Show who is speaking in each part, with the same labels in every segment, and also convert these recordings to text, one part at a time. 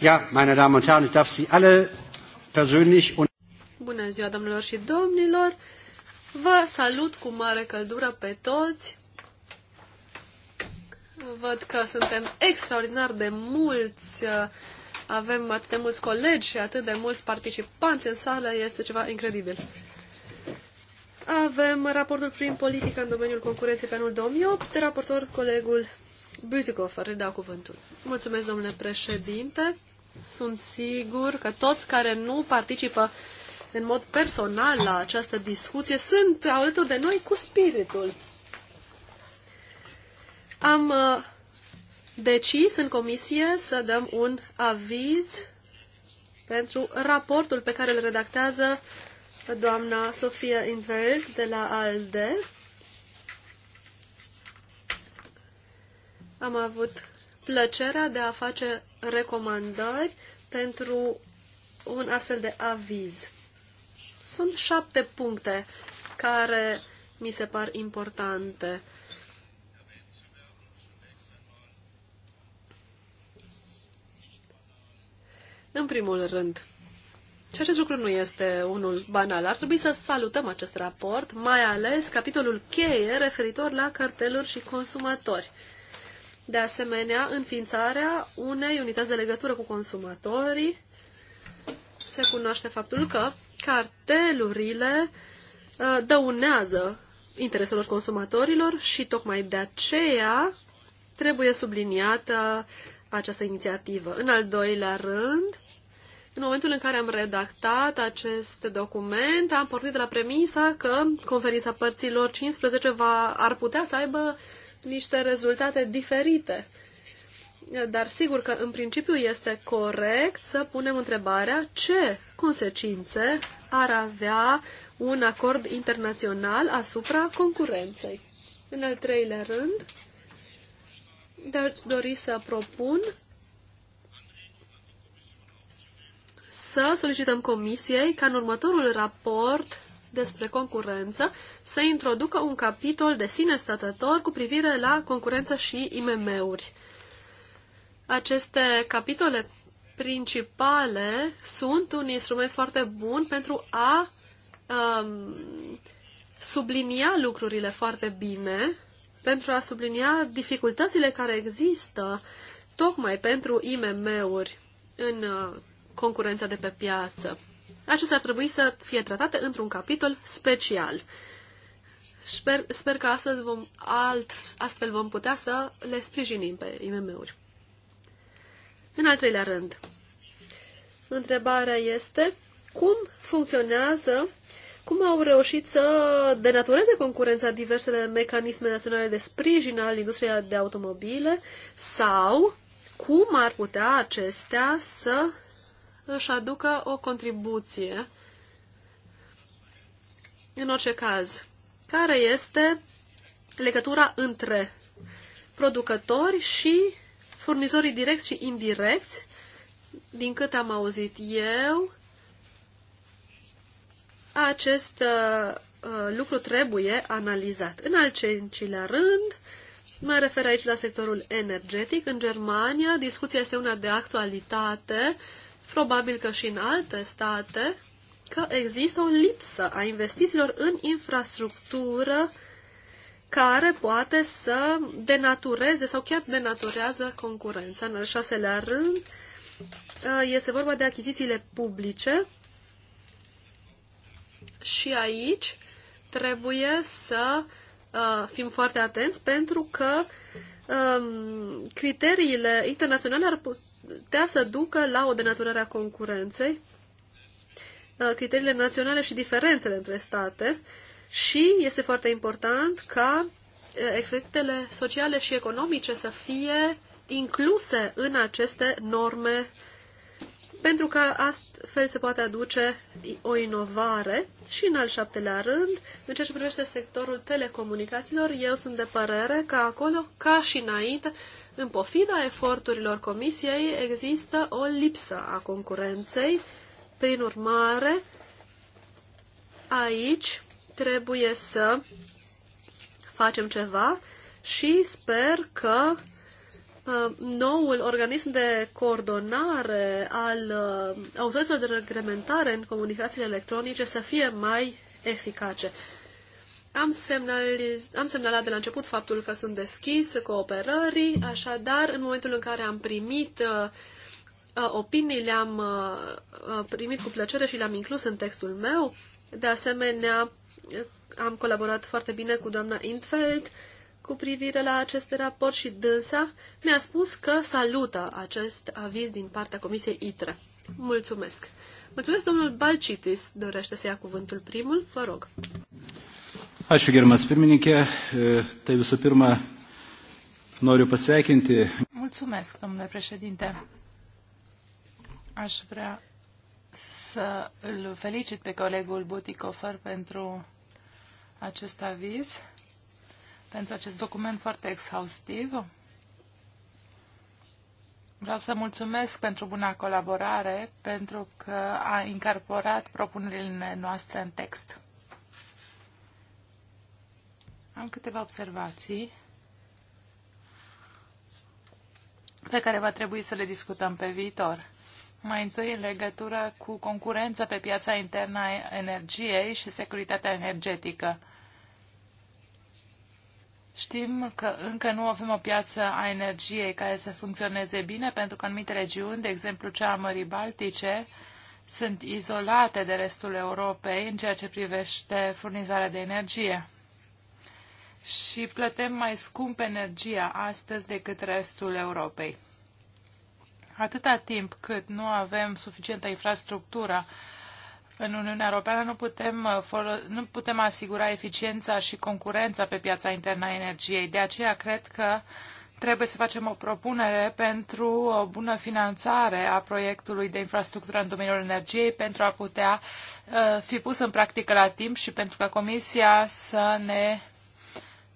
Speaker 1: Ja, meine Damen und Herren, ich darf Sie alle persönlich und
Speaker 2: Bună ziua, domnilor și domnilor! Vă salut cu mare căldură pe toți! Văd că suntem extraordinar de mulți, avem atât de mulți colegi și atât de mulți participanți în sală, este ceva incredibil. Avem raportul prin politică în domeniul concurenței pe anul 2008, de raportor colegul Beautygofer, da cuvântul. Mulțumesc, domnule președinte. Sunt sigur că toți care nu participă în mod personal la această discuție sunt alături de noi cu spiritul. Am uh, decis în comisie să dăm un aviz pentru raportul pe care îl redactează doamna Sofia Intveld de la ALDE Am avut plăcerea de a face recomandări pentru un astfel de aviz. Sunt șapte puncte care mi se par importante. În primul rând, și acest lucru nu este unul banal. Ar trebui să salutăm acest raport, mai ales capitolul cheie referitor la carteluri și consumatori. Uh, de asemenea, înființarea unei unități de legătură cu consumatorii se cunoaște faptul că cartelurile uh, dăunează intereselor consumatorilor și tocmai de aceea trebuie subliniată această inițiativă. În al doilea rând, în momentul în care am redactat acest document, am pornit de la premisa că conferința părților 15 va, ar putea să aibă niște rezultate diferite. Dar sigur că în principiu este corect să punem întrebarea ce consecințe ar avea un acord internațional asupra concurenței. În al treilea rând, deci dori să propun să solicităm Comisiei ca în următorul raport despre concurență să introducă un capitol de sine stătător cu privire la concurență și IMM-uri. Aceste capitole principale sunt un instrument foarte bun pentru a um, sublinia lucrurile foarte bine, pentru a sublinia dificultățile care există tocmai pentru IMM-uri în uh, concurența de pe piață acestea ar trebui să fie tratate într-un capitol special. Sper, sper că astăzi vom alt, astfel vom putea să le sprijinim pe IMM-uri. În al treilea rând, întrebarea este cum funcționează, cum au reușit să denatureze concurența diversele mecanisme naționale de sprijin al industriei de automobile sau cum ar putea acestea să își aducă o contribuție. În orice caz, care este legătura între producători și furnizorii direcți și indirecți, din câte am auzit eu, acest uh, uh lucru trebuie analizat. În al cincilea rând, mă refer aici la sectorul energetic. În Germania, discuția este una de actualitate probabil că și în alte state, că există o lipsă a investițiilor în infrastructură care poate să denatureze sau chiar denaturează concurența. În al șaselea rând, uh, este vorba de achizițiile publice și aici trebuie să uh, fim foarte atenți pentru că um, criteriile internaționale ar putea putea să ducă la o denaturare a concurenței, uh, criteriile naționale și diferențele între state și este foarte important ca uh, efectele sociale și economice să fie incluse în aceste norme pentru că astfel se poate aduce o inovare și în al șaptelea rând, în ceea ce privește sectorul telecomunicațiilor, eu sunt de părere că acolo, ca și înainte, în pofida eforturilor comisiei există o lipsă a concurenței, prin urmare, aici trebuie să facem ceva și sper că uh, noul organism de coordonare al uh, autorităților de reglementare în comunicațiile electronice să fie mai eficace. Am, semnaliz, am semnalat de la început faptul că sunt deschis cooperării, așadar, în momentul în care am primit uh, uh opinii, le-am uh, uh, primit cu plăcere și le-am inclus în textul meu. De asemenea, am colaborat foarte bine cu doamna Intfeld cu privire la acest raport și dânsa mi-a spus că salută acest aviz din partea Comisiei ITRE. Mulțumesc! Mulțumesc, domnul Balcitis dorește să ia cuvântul primul, vă rog.
Speaker 1: Ačiū, gerbiamas pirmininkė. Tai visų pirma, noriu pasveikinti.
Speaker 2: Mulțumesc, domnule
Speaker 3: președinte. Aș vrea să îl felicit pe colegul Buticofer pentru acest aviz, pentru acest document foarte exhaustiv. Vreau să mulțumesc pentru buna colaborare, pentru că a incorporat propunerile noastre în text. Am câteva observații pe care va trebui să le discutăm pe viitor. Mai întâi în legătură cu concurența pe piața internă a energiei și securitatea energetică. Știm că încă nu avem o piață a energiei care să funcționeze bine pentru că anumite regiuni, de exemplu cea a Mării Baltice, sunt izolate de restul Europei în ceea ce privește furnizarea de energie și plătem mai scump energia astăzi decât restul Europei. Atâta timp cât nu avem suficientă infrastructură în Uniunea Europeană, nu putem, uh, nu putem asigura eficiența și concurența pe piața internă a energiei. De aceea cred că trebuie să facem o propunere pentru o bună finanțare a proiectului de infrastructură în domeniul energiei pentru a putea uh, fi pus în practică la timp și pentru ca Comisia să ne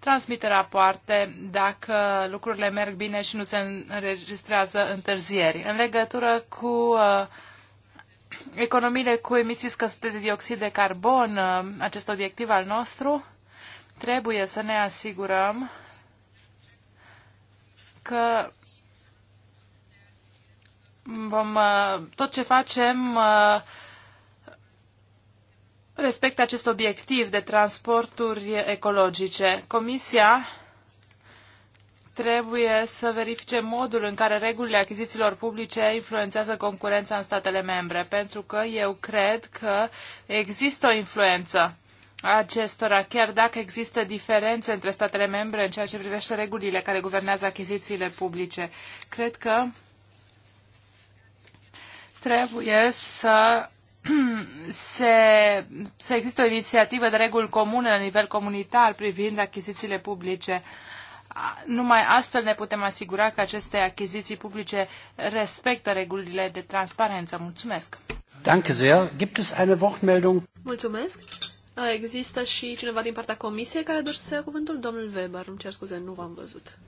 Speaker 3: transmite rapoarte dacă lucrurile merg bine și nu se înregistrează întârzieri. În legătură cu uh, economiile cu emisii scăzute de dioxid de carbon, uh, acest obiectiv al nostru, trebuie să ne asigurăm că vom, uh, tot ce facem respecte acest obiectiv de transporturi ecologice. Comisia trebuie să verifice modul în care regulile achizițiilor publice influențează concurența în statele membre, pentru că eu cred că există o influență acestora, chiar dacă există diferențe între statele membre în ceea ce privește regulile care guvernează achizițiile publice. Cred că trebuie să se, să există o inițiativă de reguli comune la nivel comunitar privind achizițiile publice. Numai astfel ne putem asigura că aceste achiziții publice respectă regulile de transparență. Mulțumesc!
Speaker 1: Danke sehr. Gibt es eine Wortmeldung?
Speaker 2: Mulțumesc! Există și cineva din partea comisiei care dorește să ia cuvântul? Domnul Weber, îmi cer scuze, nu v-am văzut.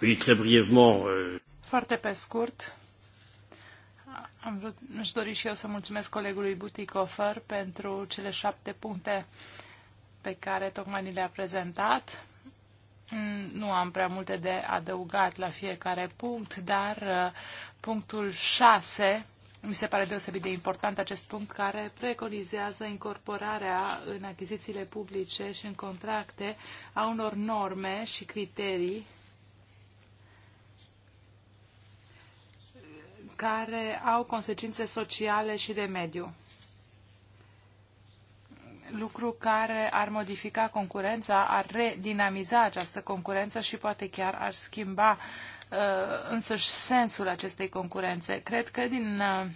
Speaker 1: Euh,
Speaker 2: Foarte pe scurt. Am vrut, aș dori și eu să
Speaker 3: mulțumesc colegului Buticofer pentru cele șapte puncte pe care tocmai ni le-a prezentat. Mm, nu am prea multe de adăugat la fiecare punct, dar uh, punctul 6 mi se pare deosebit de important acest punct care preconizează incorporarea în achizițiile publice și în contracte a unor norme și criterii care au consecințe sociale și de mediu. Lucru care ar modifica concurența, ar redinamiza această concurență și poate chiar ar schimba uh, însăși sensul acestei concurențe. Cred că din uh,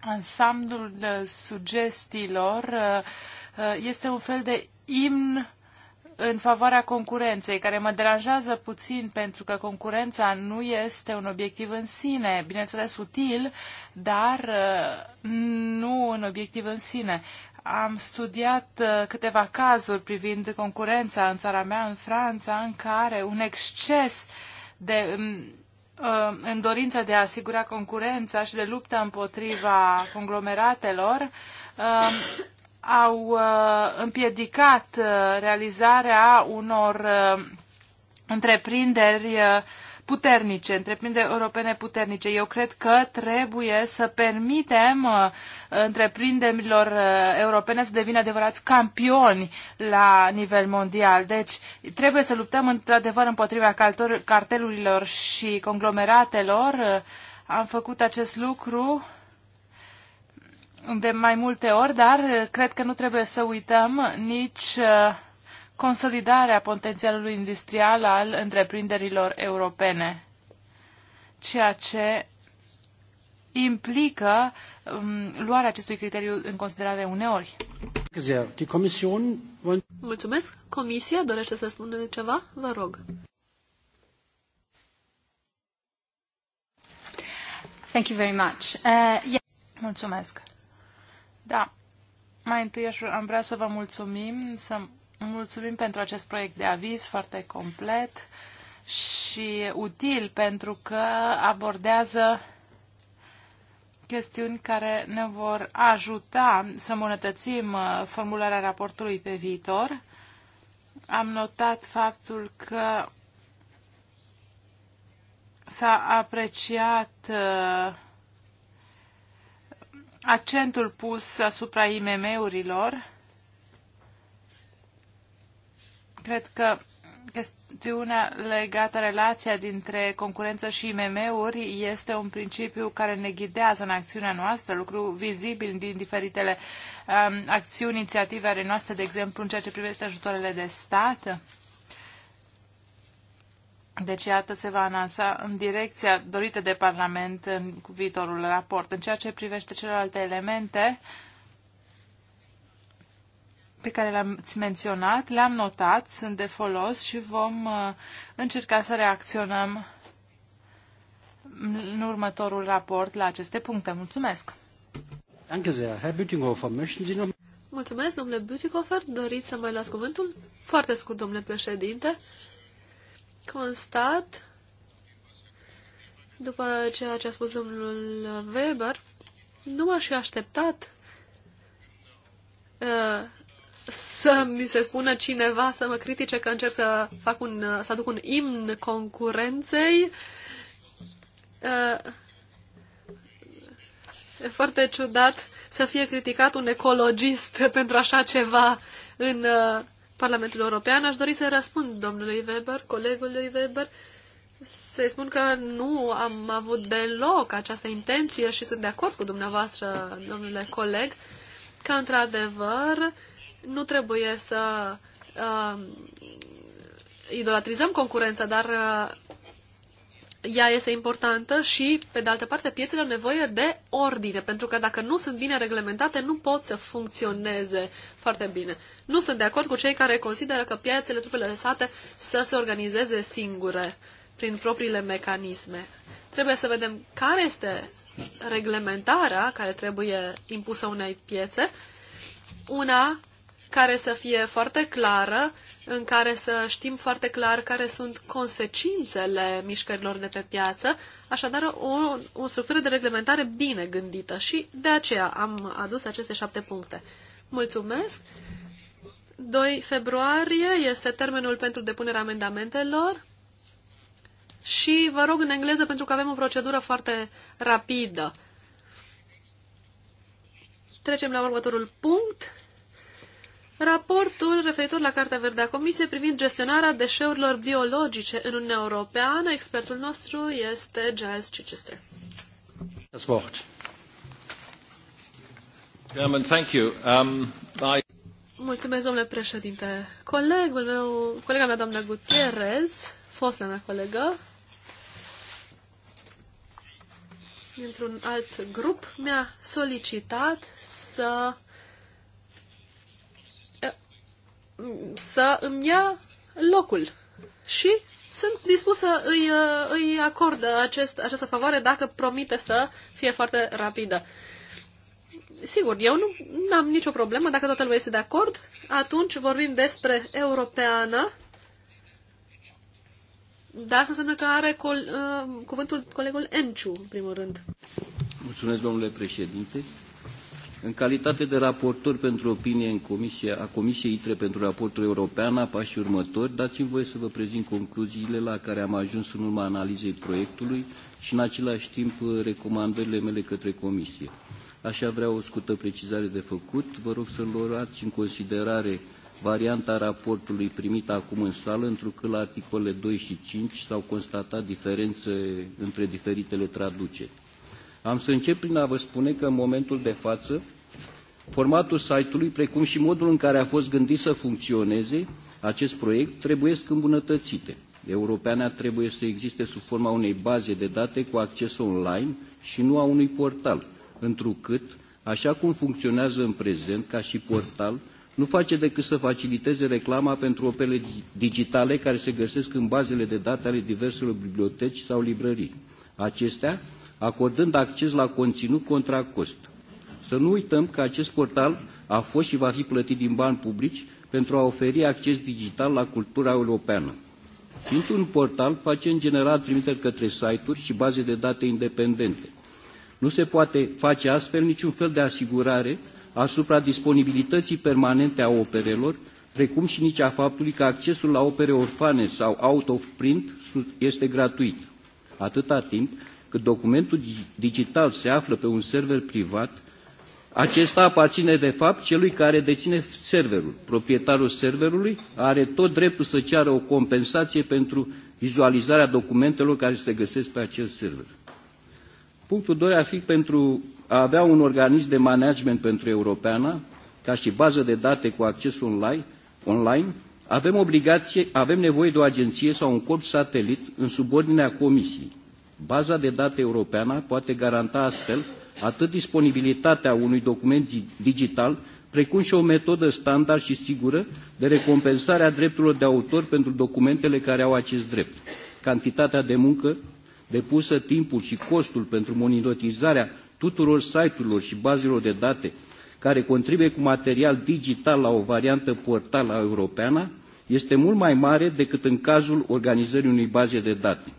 Speaker 3: ansamblul uh, sugestiilor uh, uh, este un fel de imn în favoarea concurenței, care mă deranjează puțin pentru că concurența nu este un obiectiv în sine, bineînțeles util, dar uh, nu un obiectiv în sine. Am studiat uh, câteva cazuri privind concurența în țara mea, în Franța, în care un exces de um, uh, în dorința de a asigura concurența și de lupta împotriva conglomeratelor au uh, împiedicat uh, realizarea unor uh, întreprinderi puternice, întreprinderi europene puternice. Eu cred că trebuie să permitem întreprinderilor europene să devină adevărați campioni la nivel mondial. Deci trebuie să luptăm într-adevăr împotriva cartelurilor și conglomeratelor. Am făcut acest lucru de mai multe ori, dar uh, cred că nu trebuie să uităm nici uh, consolidarea potențialului industrial al întreprinderilor europene, ceea ce implică um,
Speaker 2: luarea acestui criteriu în considerare uneori. Mulțumesc. Comisia dorește să spună ceva? Vă rog. Thank you very much. Uh, yeah. Mulțumesc.
Speaker 3: Da, mai întâi aș, am vrea să vă mulțumim, să mulțumim pentru acest proiect de aviz foarte complet și util pentru că abordează chestiuni care ne vor ajuta să îmbunătățim uh, formularea raportului pe viitor. Am notat faptul că s-a apreciat uh, accentul pus asupra IMM-urilor. Cred că chestiunea legată relația dintre concurență și IMM-uri este un principiu care ne ghidează în acțiunea noastră, lucru vizibil din diferitele um, acțiuni, inițiative ale noastre, de exemplu, în ceea ce privește ajutoarele de stat. Deci, iată, se va anansa în direcția dorită de Parlament în, viitorul raport. În ceea ce privește celelalte elemente pe care le-ați menționat, le-am notat, sunt de folos și vom uh, încerca să reacționăm în următorul raport la aceste puncte. Mulțumesc!
Speaker 2: Mulțumesc, domnule Bütikofer. Doriți să mai las cuvântul? Foarte scurt, domnule președinte constat, după ceea ce a spus domnul Weber, nu m-aș fi așteptat uh, să mi se spună cineva să mă critique că încerc să fac un, uh, să aduc un imn concurenței. Uh, e foarte ciudat să fie criticat un ecologist pentru așa ceva în uh, Parlamentul European. Aș dori să răspund domnului Weber, colegului Weber, să spun că nu am avut deloc această intenție și sunt de acord cu dumneavoastră, domnule coleg, că într-adevăr nu trebuie să uh, idolatrizăm concurența, dar uh, ea este importantă și, pe de altă parte, piețele au nevoie de ordine, pentru că dacă nu sunt bine reglementate, nu pot să funcționeze foarte bine. Nu sunt de acord cu cei care consideră că piațele, trupele de sate să se organizeze singure prin propriile mecanisme. Trebuie să vedem care este reglementarea care trebuie impusă unei piețe, una care să fie foarte clară, în care să știm foarte clar care sunt consecințele mișcărilor de pe piață, așadar o, o structură de reglementare bine gândită și de aceea am adus aceste șapte puncte. Mulțumesc! 2 februarie este termenul pentru depunerea amendamentelor și vă rog în engleză pentru că avem o procedură foarte rapidă. Trecem la următorul punct. Raportul referitor la Cartea Verde a Comisiei privind gestionarea deșeurilor biologice în Uniunea Europeană. Expertul nostru este Giles Chichester.
Speaker 1: Das Wort. German, thank you. Um, I...
Speaker 2: Mulțumesc, domnule președinte. Colegul meu, colega mea, doamna Gutierrez, fosta mea colegă, dintr-un alt grup, mi-a solicitat să să îmi ia locul și sunt dispus să îi, îi acord acest, această favoare dacă promite să fie foarte rapidă sigur, eu nu am nicio problemă, dacă toată lumea este de acord, atunci vorbim despre europeană. Da, asta înseamnă că are col, uh, cuvântul colegul Enciu, în primul rând.
Speaker 1: Mulțumesc, domnule președinte. În calitate de raportor pentru opinie în comisia, a Comisiei ITRE pentru raportul european, a pașii următori, dați-mi voie să vă prezint concluziile la care am ajuns în urma analizei proiectului și în același timp recomandările mele către Comisie. Aș vrea o scurtă precizare de făcut. Vă rog să luați în considerare varianta raportului primit acum în sală, întrucât la articolele 2 și 5 s-au constatat diferențe între diferitele traduceri. Am să încep prin a vă spune că în momentul de față, formatul site-ului, precum și modul în care a fost gândit să funcționeze acest proiect, trebuie îmbunătățite. Europeana trebuie să existe sub forma unei baze de date cu acces online și nu a unui portal, întrucât, așa cum funcționează în prezent ca și portal, nu face decât să faciliteze reclama pentru opere digitale care se găsesc în bazele de date ale diverselor biblioteci sau librării. Acestea acordând acces la conținut contra cost. Să nu uităm că acest portal a fost și va fi plătit din bani publici pentru a oferi acces digital la cultura europeană. Fiind un portal, face în general trimiteri către site-uri și baze de date independente. Nu se poate face astfel niciun fel de asigurare asupra disponibilității permanente a operelor, precum și nici a faptului că accesul la opere orfane sau out of print este gratuit, atâta timp cât documentul digital se află pe un server privat, acesta aparține de fapt celui care deține serverul. Proprietarul serverului are tot dreptul să ceară o compensație pentru vizualizarea documentelor care se găsesc pe acel server. Punctul 2 ar fi pentru a avea un organism de management pentru europeană, ca și bază de date cu acces online, online avem, obligație, avem nevoie de o agenție sau un corp satelit în subordinea comisiei. Baza de date europeană poate garanta astfel atât disponibilitatea unui document digital, precum și o metodă standard și sigură de recompensare a drepturilor de autor pentru documentele care au acest drept. Cantitatea de muncă depusă timpul și costul pentru monitorizarea tuturor site-urilor și bazelor de date care contribuie cu material digital la o variantă portală europeană, este mult mai mare decât în cazul organizării unei baze de date.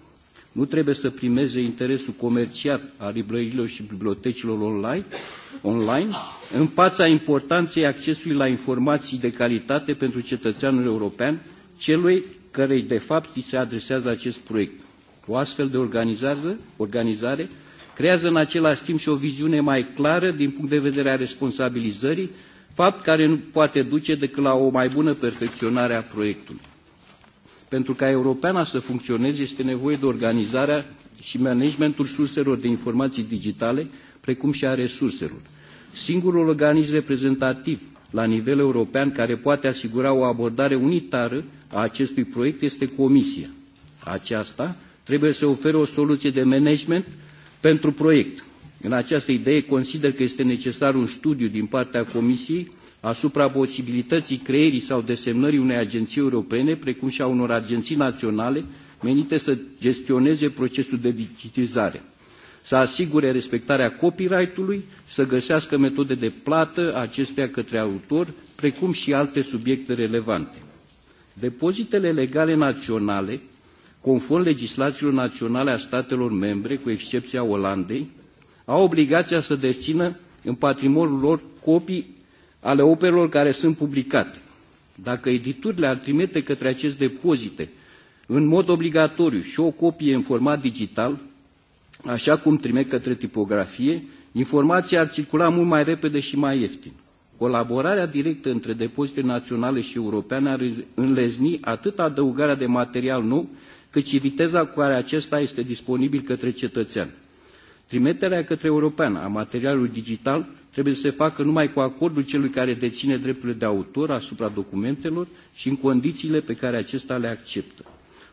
Speaker 1: Nu trebuie să primeze interesul comercial al librariilor și bibliotecilor online, online în fața importanței accesului la informații de calitate pentru cetățeanul european, celui cărei de fapt îi se adresează acest proiect. O astfel de organizare, creează în același timp și o viziune mai clară din punct de vedere a responsabilizării, fapt care nu poate duce decât la o mai bună perfecționare a proiectului. Pentru ca Europeana să funcționeze, este nevoie de organizarea și managementul surselor de informații digitale, precum și a resurselor. Singurul organism reprezentativ la nivel european care poate asigura o abordare unitară a acestui proiect este Comisia. Aceasta trebuie să ofere o soluție de management pentru proiect. În această idee consider că este necesar un studiu din partea Comisiei asupra posibilității creierii sau desemnării unei agenții europene, precum și a unor agenții naționale menite să gestioneze procesul de digitizare, să asigure respectarea copyright-ului, să găsească metode de plată acestea către autor, precum și alte subiecte relevante. Depozitele legale naționale conform legislațiilor naționale a statelor membre, cu excepția Olandei, au obligația să dețină în patrimoniul lor copii ale operelor care sunt publicate. Dacă editurile ar trimite către aceste depozite în mod obligatoriu și o copie în format digital, așa cum trimit către tipografie, informația ar circula mult mai repede și mai ieftin. Colaborarea directă între depozite naționale și europeane ar înlezni atât adăugarea de material nou, cât și viteza cu care acesta este disponibil către cetățean. Trimiterea către european a materialului digital trebuie să se facă numai cu acordul celui care deține drepturile de autor asupra documentelor și în condițiile pe care acesta le acceptă.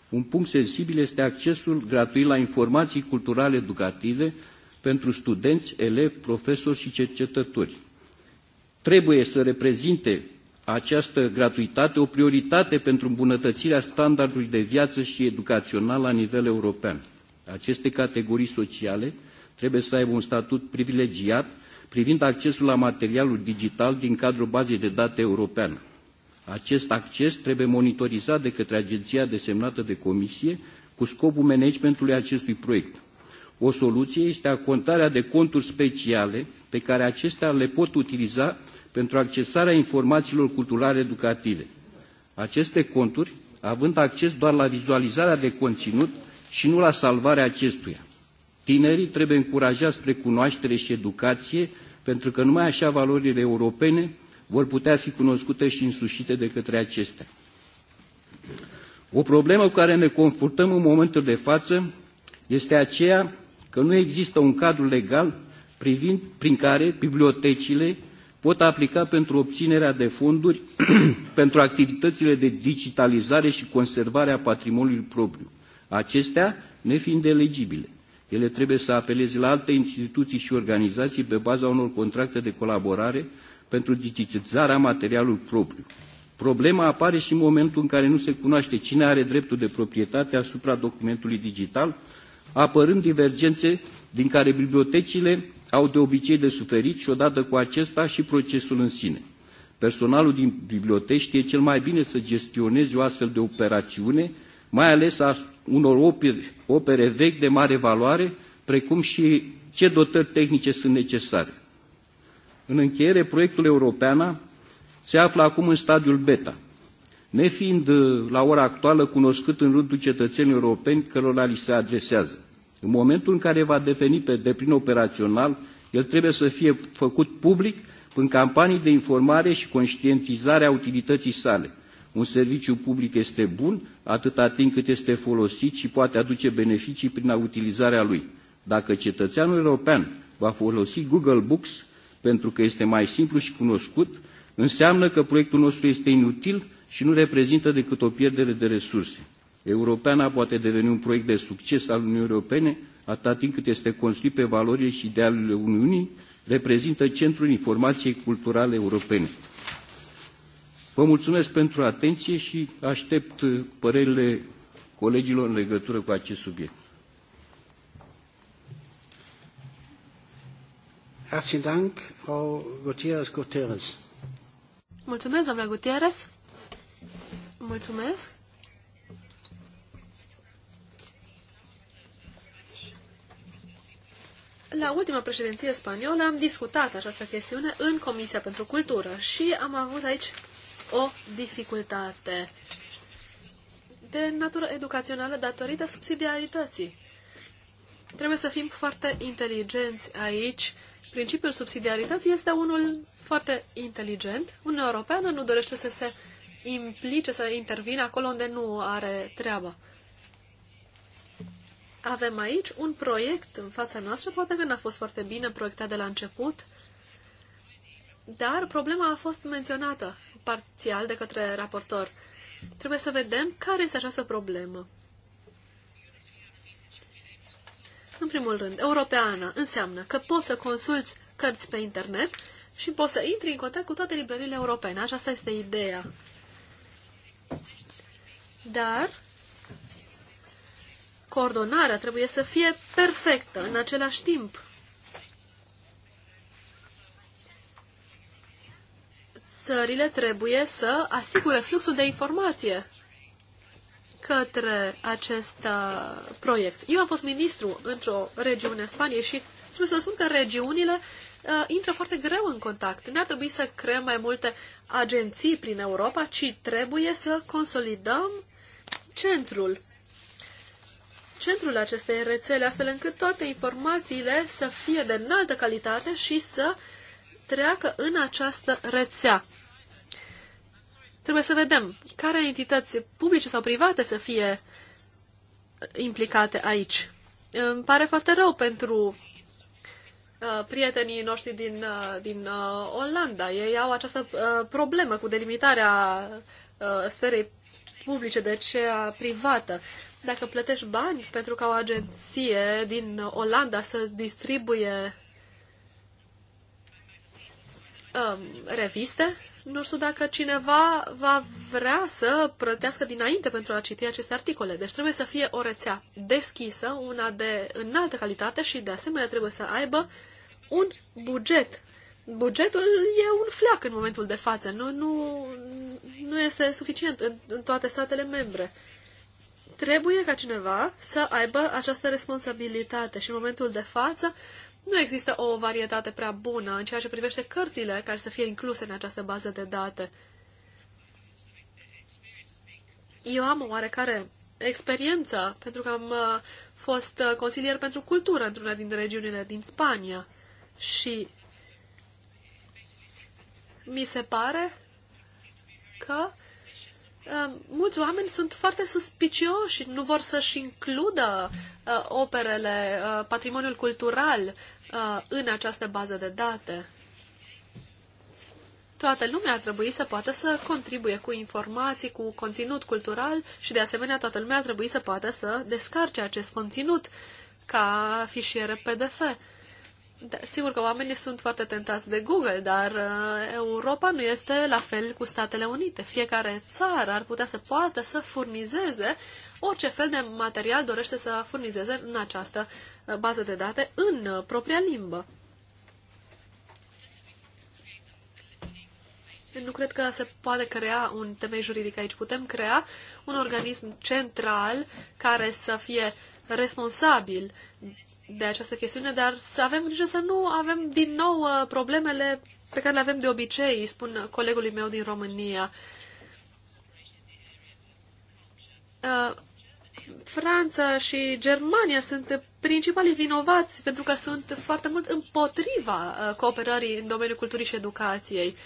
Speaker 1: Un punct sensibil este accesul gratuit la informații culturale educative pentru studenți, elevi, profesori și cercetători. Trebuie să reprezinte această gratuitate o prioritate pentru îmbunătățirea standardului de viață și educațional la nivel european. Aceste categorii sociale trebuie să aibă un statut privilegiat privind accesul la materialul digital din cadrul bazei de date europeană. Acest acces trebuie monitorizat de către agenția desemnată de comisie cu scopul managementului acestui proiect. O soluție este acontarea de conturi speciale pe care acestea le pot utiliza pentru accesarea informațiilor culturale educative. Aceste conturi având acces doar la vizualizarea de conținut și nu la salvarea acestuia. Tinerii trebuie încurajați spre cunoaștere și educație, pentru că numai așa valorile europene vor putea fi cunoscute și însușite de către acestea. O problemă cu care ne confruntăm în momentul de față este aceea că nu există un cadru legal privind, prin care bibliotecile pot aplica pentru obținerea de fonduri pentru activitățile de digitalizare și conservare a patrimoniului propriu, acestea nefiind elegibile. Ele trebuie să apeleze la alte instituții și organizații pe baza unor contracte de colaborare pentru digitizarea materialului propriu. Problema apare și în momentul în care nu se cunoaște cine are dreptul de proprietate asupra documentului digital, apărând divergențe din care bibliotecile au de obicei de suferit și odată cu acesta și procesul în sine. Personalul din biblioteci știe cel mai bine să gestioneze o astfel de operațiune, mai ales a unor opere, opere vechi de mare valoare, precum și ce dotări tehnice sunt necesare. În încheiere, proiectul Europeana se află acum în stadiul beta, nefiind uh, la ora actuală cunoscut în rândul cetățenilor europeni cărora li se adresează. În momentul în care va deveni pe deplin operațional, el trebuie să fie făcut public prin campanii de informare și conștientizare a utilității sale. Un serviciu public este bun atâta timp cât este folosit și poate aduce beneficii prin utilizarea lui. Dacă cetățeanul european va folosi Google Books pentru că este mai simplu și cunoscut, înseamnă că proiectul nostru este inutil și nu reprezintă decât o pierdere de resurse europeană poate deveni un proiect de succes al Uniunii Europene atât timp cât este construit pe valorile și idealurile Uniunii, reprezintă centrul informației culturale europene. Vă mulțumesc pentru atenție și aștept uh, părerile colegilor în legătură cu acest subiect. Herzlichen Dank, Frau Gutierrez Gutierrez.
Speaker 2: Mulțumesc, doamna Gutierrez. Mulțumesc. la ultima președinție spaniolă am discutat această chestiune în Comisia pentru Cultură și am avut aici o dificultate de natură educațională datorită subsidiarității. Trebuie să fim foarte inteligenți aici. Principiul subsidiarității este unul foarte inteligent. Uniunea Europeană nu dorește să se implice, să intervină acolo unde nu are treaba avem aici un proiect în fața noastră, poate că n-a fost foarte bine proiectat de la început, dar problema a fost menționată parțial de către raportor. Trebuie să vedem care este această problemă. În primul rând, europeană înseamnă că poți să consulți cărți pe internet și poți să intri în contact cu toate librările europene. Aceasta este ideea. Dar coordonarea trebuie să fie perfectă în același timp. Țările trebuie să asigure fluxul de informație către acest uh, proiect. Eu am fost ministru într-o regiune în Spanie și trebuie să spun că regiunile uh, intră foarte greu în contact. Nu ar trebui să creăm mai multe agenții prin Europa, ci trebuie să consolidăm centrul centrul acestei rețele, astfel încât toate informațiile să fie de înaltă calitate și să treacă în această rețea. Trebuie să vedem care entități publice sau private să fie implicate aici. Îmi pare foarte rău pentru uh, prietenii noștri din, uh, din uh, Olanda. Ei au această problemă cu delimitarea sferei publice de cea privată. Dacă plătești bani pentru ca o agenție din Olanda să distribuie um, reviste, nu știu dacă cineva va vrea să plătească dinainte pentru a citi aceste articole. Deci trebuie să fie o rețea deschisă, una de înaltă calitate și de asemenea trebuie să aibă un buget. Bugetul e un flac în momentul de față, nu, nu, nu este suficient în, în toate statele membre. Trebuie ca cineva să aibă această responsabilitate și în momentul de față nu există o varietate prea bună în ceea ce privește cărțile care să fie incluse în această bază de date. Eu am o oarecare experiență, pentru că am uh, fost uh, consilier pentru cultură într-una din regiunile din Spania și mi se pare că Ehm, mulți oameni sunt foarte suspicioși, nu vor să-și includă uh, operele, uh, patrimoniul cultural uh, în această bază de date. Toată lumea ar trebui să poată să contribuie cu informații, cu conținut cultural și, de asemenea, toată lumea ar trebui să poată să descarce acest conținut ca fișiere PDF. Da, sigur că oamenii sunt foarte tentați de Google, dar uh, Europa nu este la fel cu Statele Unite. Fiecare țară ar putea să poată să furnizeze orice fel de material dorește să furnizeze în această uh, bază de date în uh, propria limbă. Nu cred că se poate crea un temei juridic aici. Putem crea un organism central care să fie responsabil de această chestiune, dar să avem grijă să nu avem din nou uh, problemele pe care le avem de obicei, spun colegului meu din România. Uh, Franța și Germania sunt principalii vinovați pentru că sunt foarte mult împotriva uh, cooperării în domeniul culturii și educației.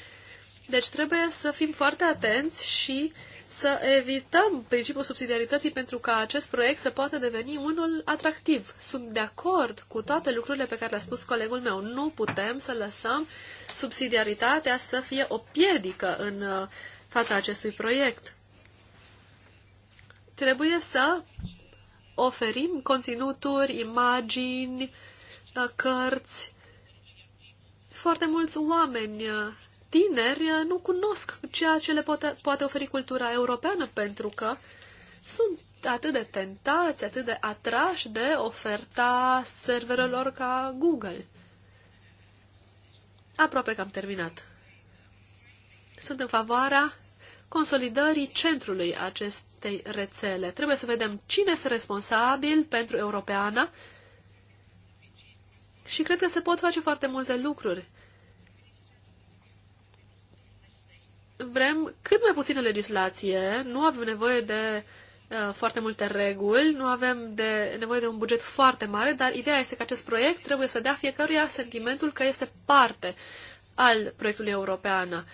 Speaker 2: Deci trebuie să fim foarte atenți și uh, să evităm principiul subsidiarității pentru ca acest proiect să poată deveni unul atractiv. Sunt de acord cu toate lucrurile pe care le-a spus colegul meu. Nu putem să lăsăm subsidiaritatea să fie o piedică în uh, fața acestui proiect. Trebuie să oferim conținuturi, imagini, uh, cărți. Foarte mulți oameni uh, tineri nu cunosc ceea ce le poate, poate oferi cultura europeană, pentru că sunt atât de tentați, atât de atrași de oferta serverelor ca Google. Aproape că am terminat. Sunt în favoarea consolidării centrului acestei rețele. Trebuie să vedem cine este responsabil pentru europeana și cred că se pot face foarte multe lucruri vrem cât mai puțină legislație, nu avem nevoie de uh, foarte multe reguli, nu avem de, nevoie de un buget foarte mare, dar ideea este că acest proiect trebuie să dea fiecăruia sentimentul că este parte al proiectului european.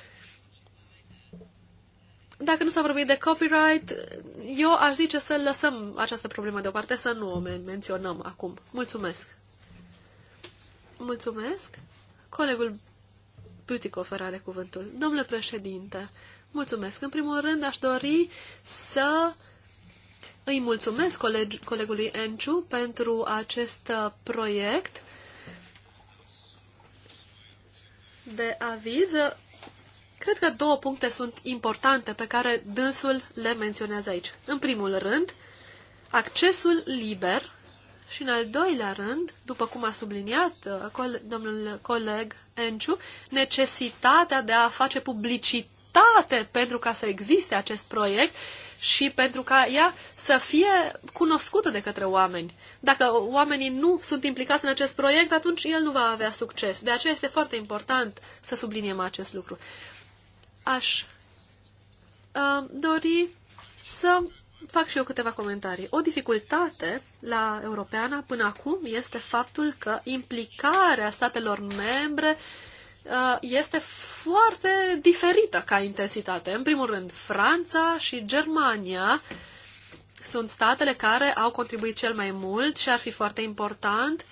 Speaker 2: Dacă nu s-a vorbit de copyright, eu aș zice să lăsăm această problemă deoparte, să nu o men menționăm acum. Mulțumesc! Mulțumesc! Colegul Bütikofer are cuvântul. Domnule președinte, mulțumesc. În primul rând aș dori să îi mulțumesc coleg colegului Enciu pentru acest uh, proiect de aviz. Cred că două puncte sunt importante pe care dânsul le menționează aici. În primul rând, accesul liber și în al doilea rând, după cum a subliniat uh, domnul coleg Enciu, necesitatea de a face publicitate pentru ca să existe acest proiect și pentru ca ea să fie cunoscută de către oameni. Dacă oamenii nu sunt implicați în acest proiect, atunci el nu va avea succes. De aceea este foarte important să subliniem acest lucru. Aș uh, dori să fac și eu câteva comentarii. O dificultate la europeana până acum este faptul că implicarea statelor membre uh, este foarte diferită ca intensitate. În primul rând, Franța și Germania sunt statele care au contribuit cel mai mult și ar fi foarte important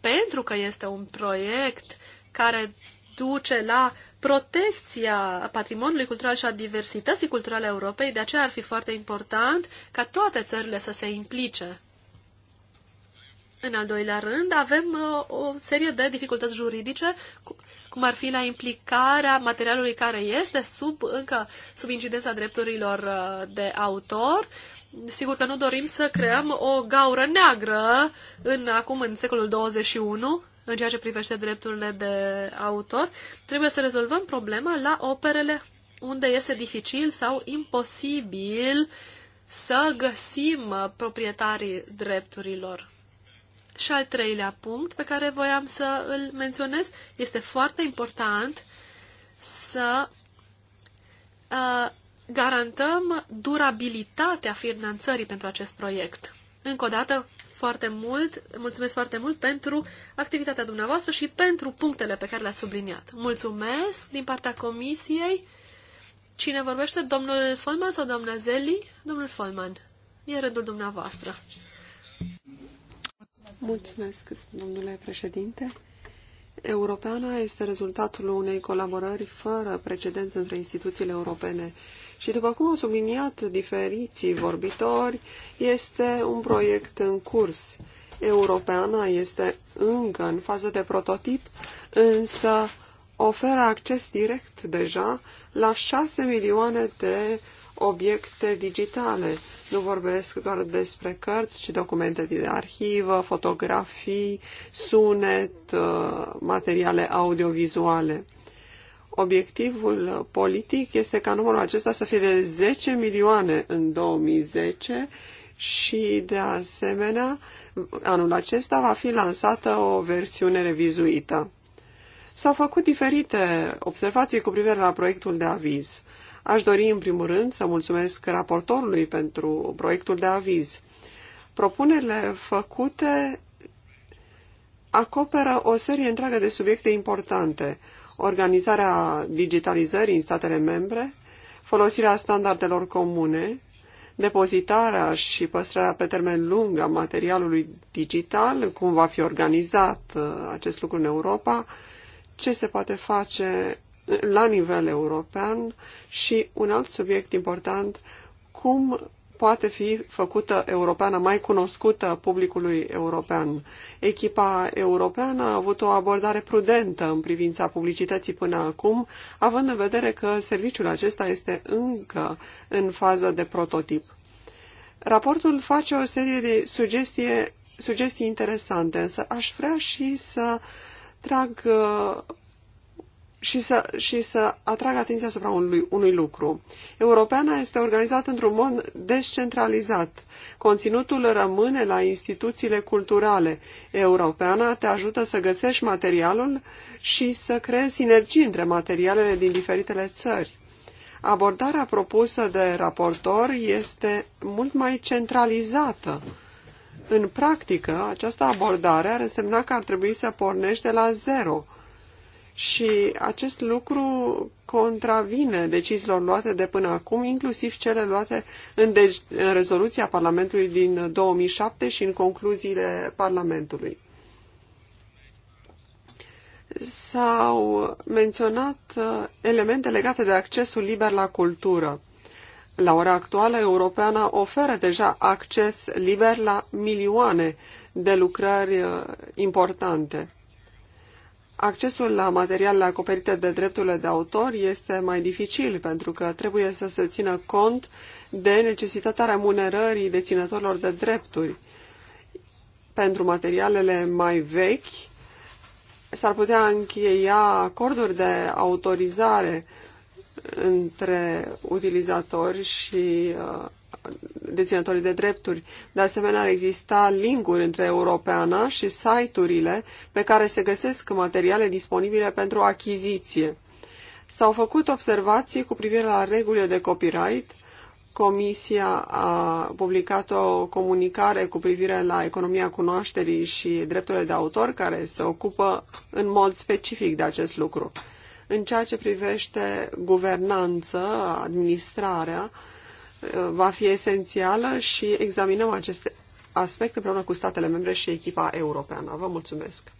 Speaker 2: pentru că este un proiect care duce la protecția patrimoniului cultural și a diversității culturale a Europei, de aceea ar fi foarte important ca toate țările să se implice. În al doilea rând, avem uh, o serie de dificultăți juridice, cum ar fi la implicarea materialului care este sub, încă sub incidența drepturilor uh, de autor, sigur că nu dorim să creăm o gaură neagră în, acum în secolul 21 în ceea ce privește drepturile de autor, trebuie să rezolvăm problema la operele unde este dificil sau imposibil să găsim proprietarii drepturilor. Și al treilea punct pe care voiam să îl menționez este foarte important să uh, garantăm durabilitatea finanțării pentru acest proiect. Încă o dată, foarte mult, mulțumesc foarte mult pentru activitatea dumneavoastră și pentru punctele pe care le-ați subliniat. Mulțumesc din partea comisiei. Cine vorbește? Domnul Folman sau doamna Zeli? Domnul Folman. E rândul dumneavoastră.
Speaker 4: Mulțumesc, domnule președinte. Europeana este rezultatul unei colaborări fără precedent între instituțiile europene și după cum au subliniat diferiții vorbitori, este un proiect în curs. Europeana este încă în fază de prototip, însă oferă acces direct deja la 6 milioane de obiecte digitale. Nu vorbesc doar despre cărți, ci documente de arhivă, fotografii, sunet, uh, materiale audiovizuale obiectivul politic este ca numărul acesta să fie de 10 milioane în 2010 și, de asemenea, anul acesta va fi lansată o versiune revizuită. S-au făcut diferite observații cu privire la proiectul de aviz. Aș dori, în primul rând, să mulțumesc raportorului pentru proiectul de aviz. Propunerile făcute acoperă o serie întreagă de subiecte importante organizarea digitalizării în statele membre, folosirea standardelor comune, depozitarea și păstrarea pe termen lung a materialului digital, cum va fi organizat uh, acest lucru în Europa, ce se poate face la nivel european și un alt subiect important, cum poate fi făcută europeană, mai cunoscută publicului european. Echipa europeană a avut o abordare prudentă în privința publicității până acum, având în vedere că serviciul acesta este încă în fază de prototip. Raportul face o serie de sugestie, sugestii interesante, însă aș vrea și să trag și să, și să atrag atenția asupra unui, unui lucru. Europeana este organizată într-un mod descentralizat. Conținutul rămâne la instituțiile culturale. Europeana te ajută să găsești materialul și să creezi sinergii între materialele din diferitele țări. Abordarea propusă de raportor este mult mai centralizată. În practică, această abordare ar însemna că ar trebui să pornești de la zero – și acest lucru contravine deciziilor luate de până acum, inclusiv cele luate în, de- deci, în rezoluția Parlamentului din 2007 și în concluziile Parlamentului. S-au menționat uh, elemente legate de accesul liber la cultură. La ora actuală, Europeana oferă deja acces liber la milioane de lucrări uh, importante. Accesul la materialele acoperite de drepturile de autor este mai dificil pentru că trebuie să se țină cont de necesitatea remunerării deținătorilor de drepturi. Pentru materialele mai vechi s-ar putea încheia acorduri de autorizare între utilizatori și uh, deținătorii de drepturi. De asemenea, ar exista linguri între europeană și site-urile pe care se găsesc materiale disponibile pentru achiziție. S-au făcut observații cu privire la regulile de copyright. Comisia a publicat o comunicare cu privire la economia cunoașterii și drepturile de autor care se ocupă în mod specific de acest lucru. În ceea ce privește guvernanță, administrarea, va fi esențială și examinăm aceste aspecte împreună cu statele membre și echipa europeană. Vă mulțumesc!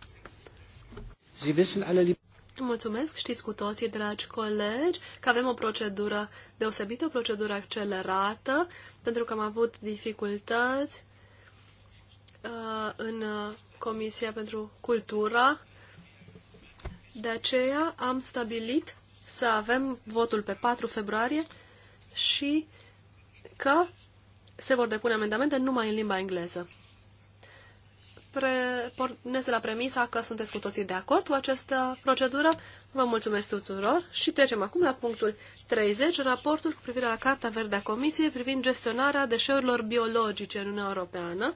Speaker 2: Mulțumesc, știți cu toții, dragi colegi, că avem o procedură deosebită, o procedură accelerată, pentru că am avut dificultăți uh, în uh, Comisia pentru cultură, De aceea am stabilit să avem votul pe 4 februarie și că se vor depune amendamente numai în limba engleză. Pre... Pornesc de la premisa că sunteți cu toții de acord cu această procedură. Vă mulțumesc tuturor și trecem acum la punctul 30, raportul cu privire la Carta Verde a Comisiei privind gestionarea deșeurilor biologice în Uniunea Europeană.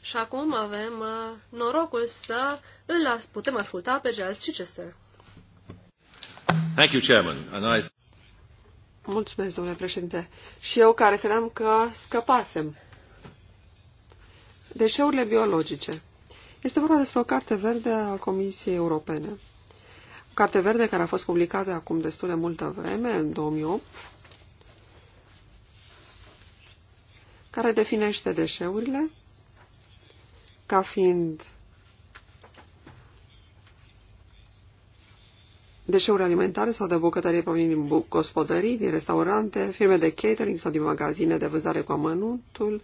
Speaker 2: Și acum avem uh, norocul să îl putem asculta pe Giles Chichester.
Speaker 4: Thank you, Chairman. And I... Mulțumesc, domnule președinte. Și eu care credeam că scăpasem. Deșeurile biologice. Este vorba despre o carte verde a Comisiei Europene. O carte verde care a fost publicată acum destul de multă vreme, în 2008, care definește deșeurile ca fiind deșeuri alimentare sau de bucătărie provenind din gospodării, din restaurante, firme de catering sau din magazine de vânzare cu amănuntul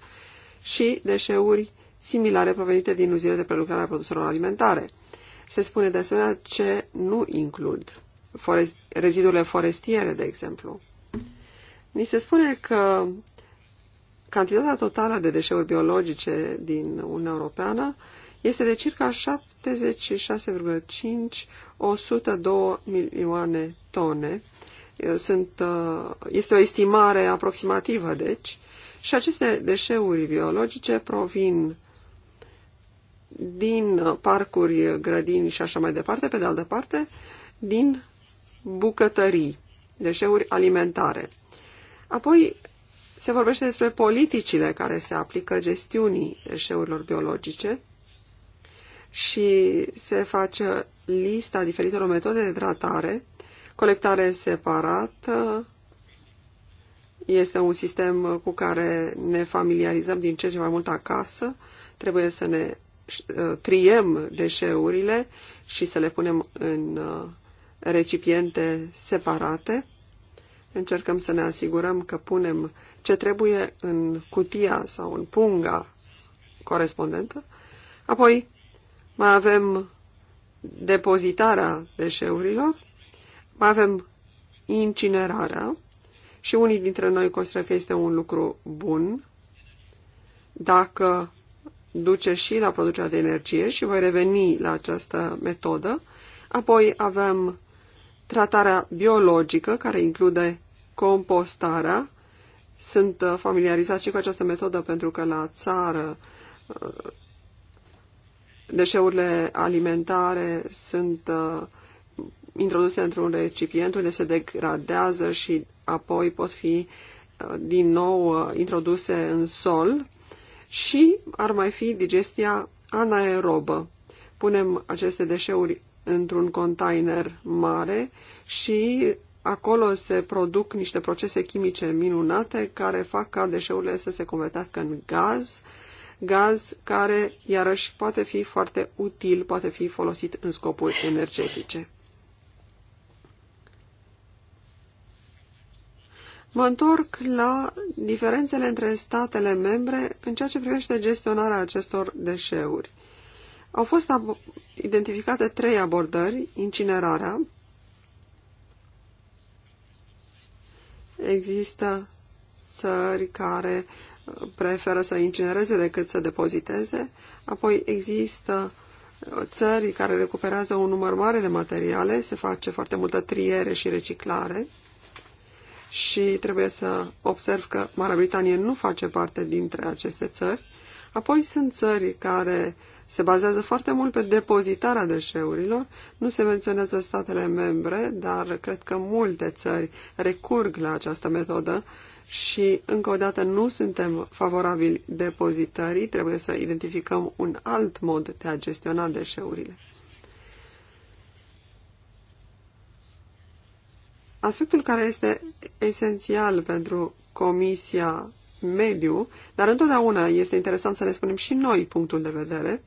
Speaker 4: și deșeuri similare provenite din uzile de prelucrare a produselor alimentare. Se spune de asemenea ce nu includ forest, rezidurile forestiere, de exemplu. Ni se spune că cantitatea totală de deșeuri biologice din Uniunea Europeană este de circa 76,5-102 milioane tone. Sunt, uh, este o estimare aproximativă, deci, și aceste deșeuri biologice provin din parcuri, grădini și așa mai departe, pe de altă parte, din bucătării, deșeuri alimentare. Apoi se vorbește despre politicile care se aplică gestiunii deșeurilor biologice și se face lista diferitelor metode de tratare, colectare separată, este un sistem cu care ne familiarizăm din ce ce mai mult acasă, trebuie să ne uh, triem deșeurile și să le punem în uh, recipiente separate. Încercăm să ne asigurăm că punem ce trebuie în cutia sau în punga corespondentă. Apoi mai avem depozitarea deșeurilor, mai avem incinerarea și unii dintre noi consideră că este un lucru bun dacă duce și la producerea de energie și voi reveni la această metodă. Apoi avem tratarea biologică care include compostarea. Sunt familiarizat și cu această metodă pentru că la țară deșeurile alimentare sunt uh, introduse într-un recipient unde se degradează și apoi pot fi uh, din nou uh, introduse în sol și ar mai fi digestia anaerobă. Punem aceste deșeuri într-un container mare și acolo se produc niște procese chimice minunate care fac ca deșeurile să se convertească în gaz, gaz care, iarăși, poate fi foarte util, poate fi folosit în scopuri energetice. Mă întorc la diferențele între statele membre în ceea ce privește gestionarea acestor deșeuri. Au fost identificate trei abordări, incinerarea, există țări care uh, preferă să incinereze decât să depoziteze. Apoi există uh, țări care recuperează un număr mare de materiale, se face foarte multă triere și reciclare și trebuie să observ că Marea Britanie nu face parte dintre aceste țări. Apoi sunt țări care se bazează foarte mult pe depozitarea deșeurilor. Nu se menționează statele membre, dar cred că multe țări recurg la această metodă și, încă o dată, nu suntem favorabili depozitării, trebuie să identificăm un alt mod de a gestiona deșeurile. Aspectul care este esențial pentru Comisia Mediu, dar întotdeauna este interesant să ne spunem și noi punctul de vedere,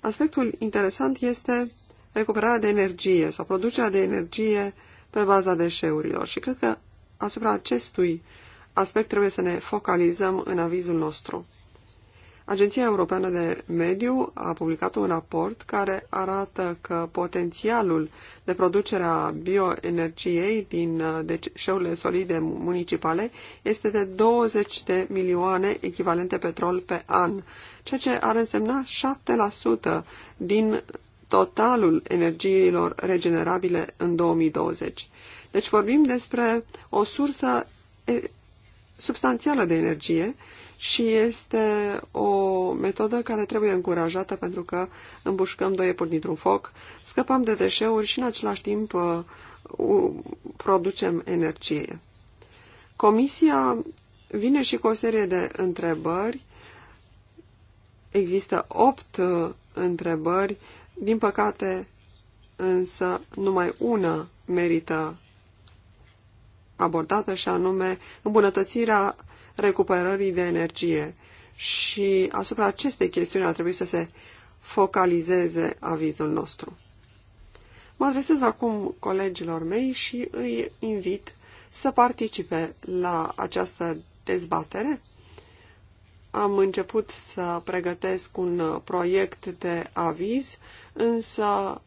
Speaker 4: aspectul interesant este recuperarea de energie sau producerea de energie uh, pe baza deșeurilor. Și cred că asupra acestui aspect trebuie să ne focalizăm în avizul nostru. Agenția Europeană de Mediu a publicat un raport care arată că potențialul de producere a bioenergiei din uh, deșeurile solide municipale este de 20 de milioane echivalente petrol pe an, ceea ce ar însemna 7% din totalul energiilor regenerabile în 2020. Deci vorbim despre o sursă substanțială de energie și este o metodă care trebuie încurajată pentru că îmbușcăm doi iepuri dintr-un foc, scăpăm de deșeuri și în același timp uh, producem energie. Comisia vine și cu o serie de întrebări. Există opt uh, întrebări din păcate, însă, numai una merită abordată și anume îmbunătățirea recuperării de energie. Și asupra acestei chestiuni ar trebui să se focalizeze avizul nostru. Mă adresez acum colegilor mei și îi invit să participe la această dezbatere am început să pregătesc un uh, proiect de aviz, însă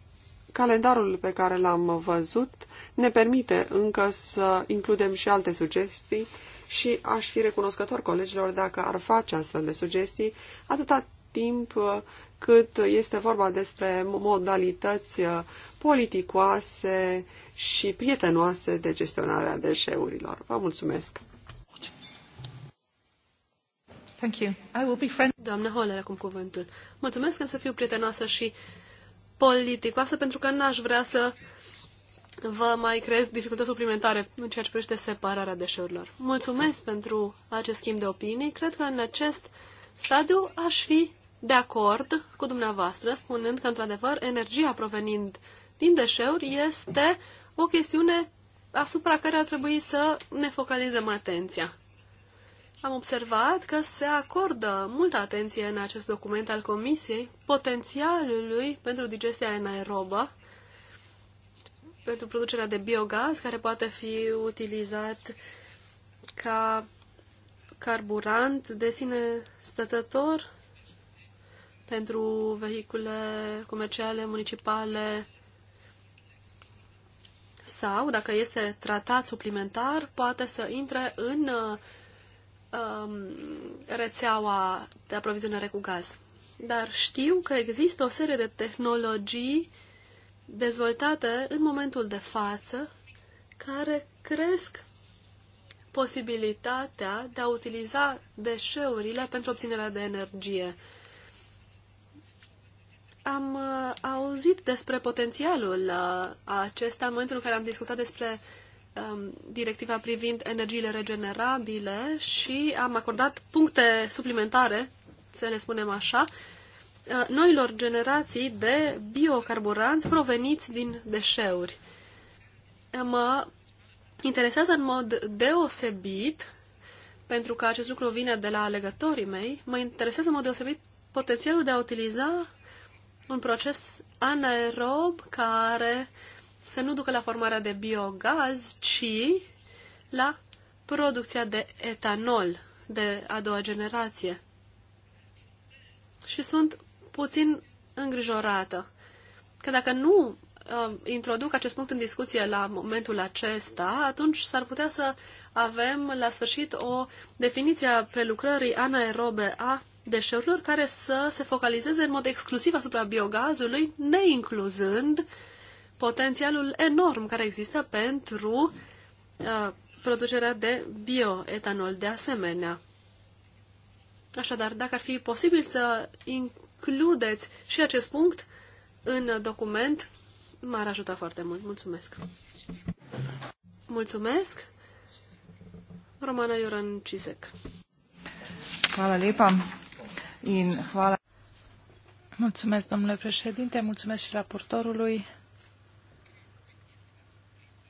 Speaker 4: calendarul pe care l-am văzut ne permite încă să includem și alte sugestii și aș fi recunoscător colegilor dacă ar face astfel de sugestii atâta timp uh, cât este vorba despre modalități uh, politicoase și prietenoase de gestionarea deșeurilor. Vă mulțumesc!
Speaker 2: Thank you. I will be friend... Doamna Holler, acum cuvântul. Mulțumesc că să fiu prietenoasă și politicoasă, pentru că n-aș vrea să vă mai creez dificultăți suplimentare în ceea ce privește separarea deșeurilor. Mulțumesc pentru acest schimb de opinii. Cred că în acest stadiu aș fi de acord cu dumneavoastră, spunând că, într-adevăr, energia provenind din deșeuri este o chestiune asupra care ar trebui să ne focalizăm atenția am observat că se acordă multă atenție în acest document al Comisiei potențialului pentru digestia anaerobă, pentru producerea de biogaz care poate fi utilizat ca carburant de sine stătător pentru vehicule comerciale, municipale sau, dacă este tratat suplimentar, poate să intre în uh, um, rețeaua de aprovizionare cu gaz. Dar știu că există o serie de tehnologii dezvoltate în momentul de față care cresc posibilitatea de a utiliza deșeurile pentru obținerea de energie. Am uh, auzit despre potențialul uh, acesta în momentul în care am discutat despre Um, directiva privind energiile regenerabile și am acordat puncte suplimentare, să le spunem așa, uh, noilor generații de biocarburanți proveniți din deșeuri. Mă interesează în mod deosebit, pentru că acest lucru vine de la alegătorii mei, mă interesează în mod deosebit potențialul de a utiliza un proces anaerob care uh, să nu ducă la formarea de biogaz, ci la producția de etanol de a doua generație. Și sunt puțin îngrijorată că dacă nu uh, introduc acest punct în discuție la momentul acesta, atunci s-ar putea să avem la sfârșit o definiție a prelucrării anaerobe a deșeurilor care să se focalizeze în mod exclusiv asupra biogazului, neincluzând potențialul enorm care există pentru uh, producerea de bioetanol de asemenea. Așadar, dacă ar fi posibil să includeți și acest punct în document, m-ar ajuta foarte mult. Mulțumesc! Mulțumesc! Romana Ioran Cisec.
Speaker 4: Hvala lepa
Speaker 3: in hvala. Mulțumesc, domnule președinte, mulțumesc și raportorului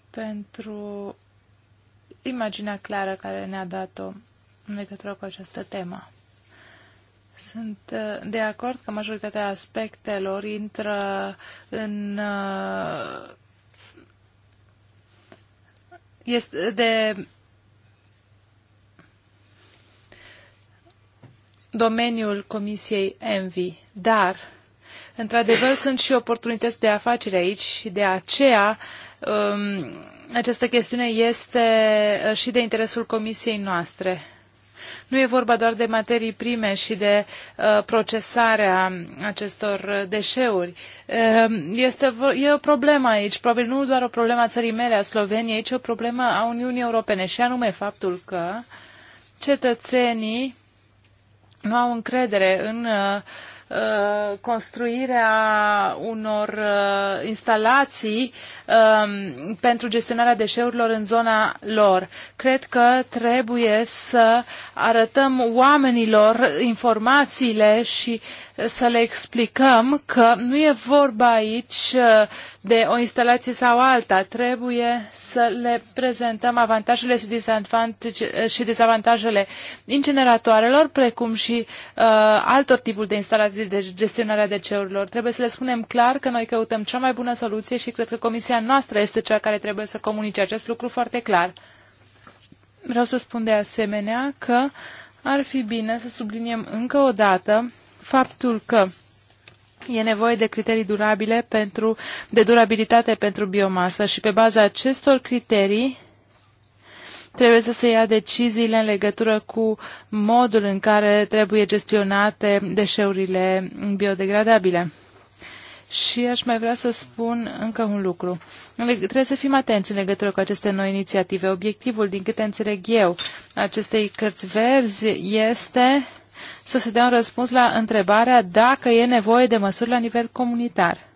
Speaker 3: pentru imaginea clară care ne-a dat-o în legătură cu această temă. Sunt uh, de acord că majoritatea aspectelor intră în uh, este de domeniul Comisiei Envi, dar într-adevăr sunt și oportunități de afaceri aici și de aceea uh, Um, această chestiune este uh, și de interesul comisiei noastre. Nu e vorba doar de materii prime și de uh, procesarea acestor deșeuri. Uh, este e o problemă aici, probabil nu doar o problemă a țării mele, a Sloveniei, ci o problemă a Uniunii Europene și anume faptul că cetățenii nu au încredere în uh, Uh, construirea unor uh, instalații um, pentru gestionarea deșeurilor în zona lor. Cred că trebuie să arătăm oamenilor informațiile și uh, să le explicăm că nu e vorba aici uh, de o instalație sau alta. Trebuie să le prezentăm avantajele uh, și dezavantajele incineratoarelor, precum și uh, altor tipuri de instalații de gestionare a deceurilor. Trebuie să le spunem clar că noi căutăm cea mai bună soluție și cred că comisia noastră este cea care trebuie să comunice acest lucru foarte clar. Vreau să spun de asemenea că ar fi bine să subliniem încă o dată faptul că e nevoie de criterii durabile pentru, de durabilitate pentru biomasă și pe baza acestor criterii trebuie să se ia deciziile în legătură cu modul în care trebuie gestionate deșeurile biodegradabile. Și aș mai vrea să spun încă un lucru. Trebuie să fim atenți în legătură cu aceste noi inițiative. Obiectivul, din câte înțeleg eu, acestei cărți verzi este să se dea un răspuns la întrebarea dacă e nevoie de măsuri la nivel comunitar.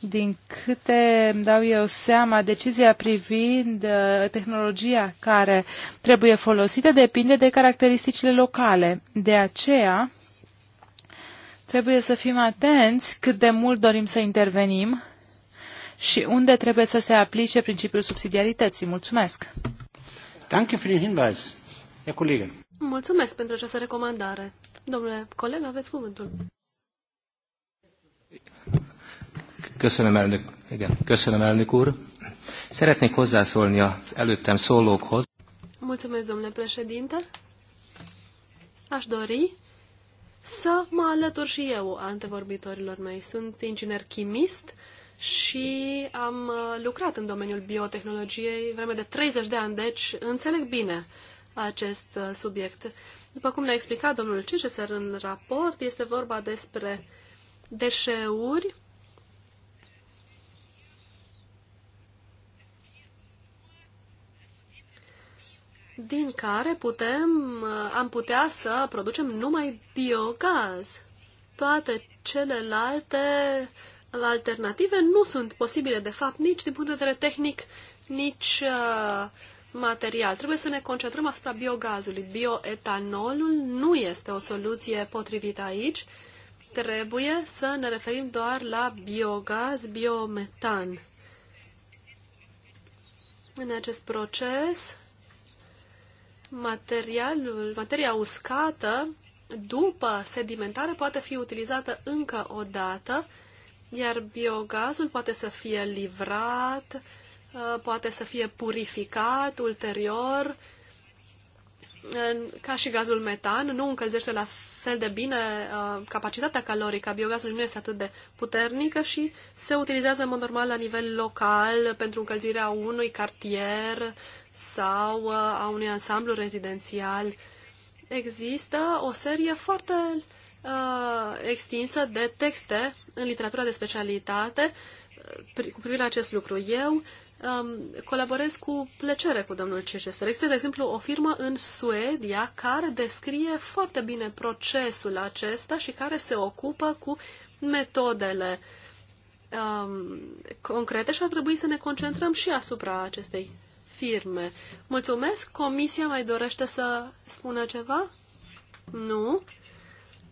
Speaker 3: Din câte îmi dau eu seama, decizia privind uh, tehnologia care trebuie folosită depinde de caracteristicile locale. De aceea, trebuie să fim atenți cât de mult dorim să intervenim și unde trebuie să se aplice principiul subsidiarității.
Speaker 1: Mulțumesc! Danke für den Hinweis, Herr Kollege.
Speaker 2: Mulțumesc pentru această recomandare. Domnule coleg, aveți cuvântul.
Speaker 1: Köszönöm, elnök, igen, köszönöm, elnök úr. Szeretnék hozzászólni előttem szólókhoz.
Speaker 2: Mulțumesc, domnule președinte. Aș dori să mă alătur și eu antevorbitorilor mei. Sunt inginer chimist și am uh, lucrat în domeniul biotehnologiei vreme de 30 de ani, deci înțeleg bine uh, acest uh, subiect. După cum ne-a explicat domnul Ciceser în raport, este vorba despre deșeuri din care putem, uh, am putea să producem numai biogaz. Toate celelalte alternative nu sunt posibile, de fapt, nici din punct de vedere tehnic, nici uh, material. Trebuie să ne concentrăm asupra biogazului. Bioetanolul nu este o soluție potrivită aici. Trebuie să ne referim doar la biogaz, biometan. În acest proces, materialul, materia uscată după sedimentare poate fi utilizată încă o dată, iar biogazul poate să fie livrat, Uh, poate să fie purificat ulterior, ca și gazul metan, nu încălzește la fel de bine uh, capacitatea calorică a biogazului, nu este atât de puternică și se utilizează în mod normal la nivel local pentru încălzirea unui cartier sau uh, a unui ansamblu rezidențial. Există o serie foarte uh, extinsă de texte în literatura de specialitate cu privire la acest lucru. Eu um, colaborez cu plăcere cu domnul Chichester. Există, de exemplu, o firmă în Suedia care descrie foarte bine procesul acesta și care se ocupă cu metodele um, concrete și ar trebui să ne concentrăm și asupra acestei firme. Mulțumesc. Comisia mai dorește să spună ceva? Nu?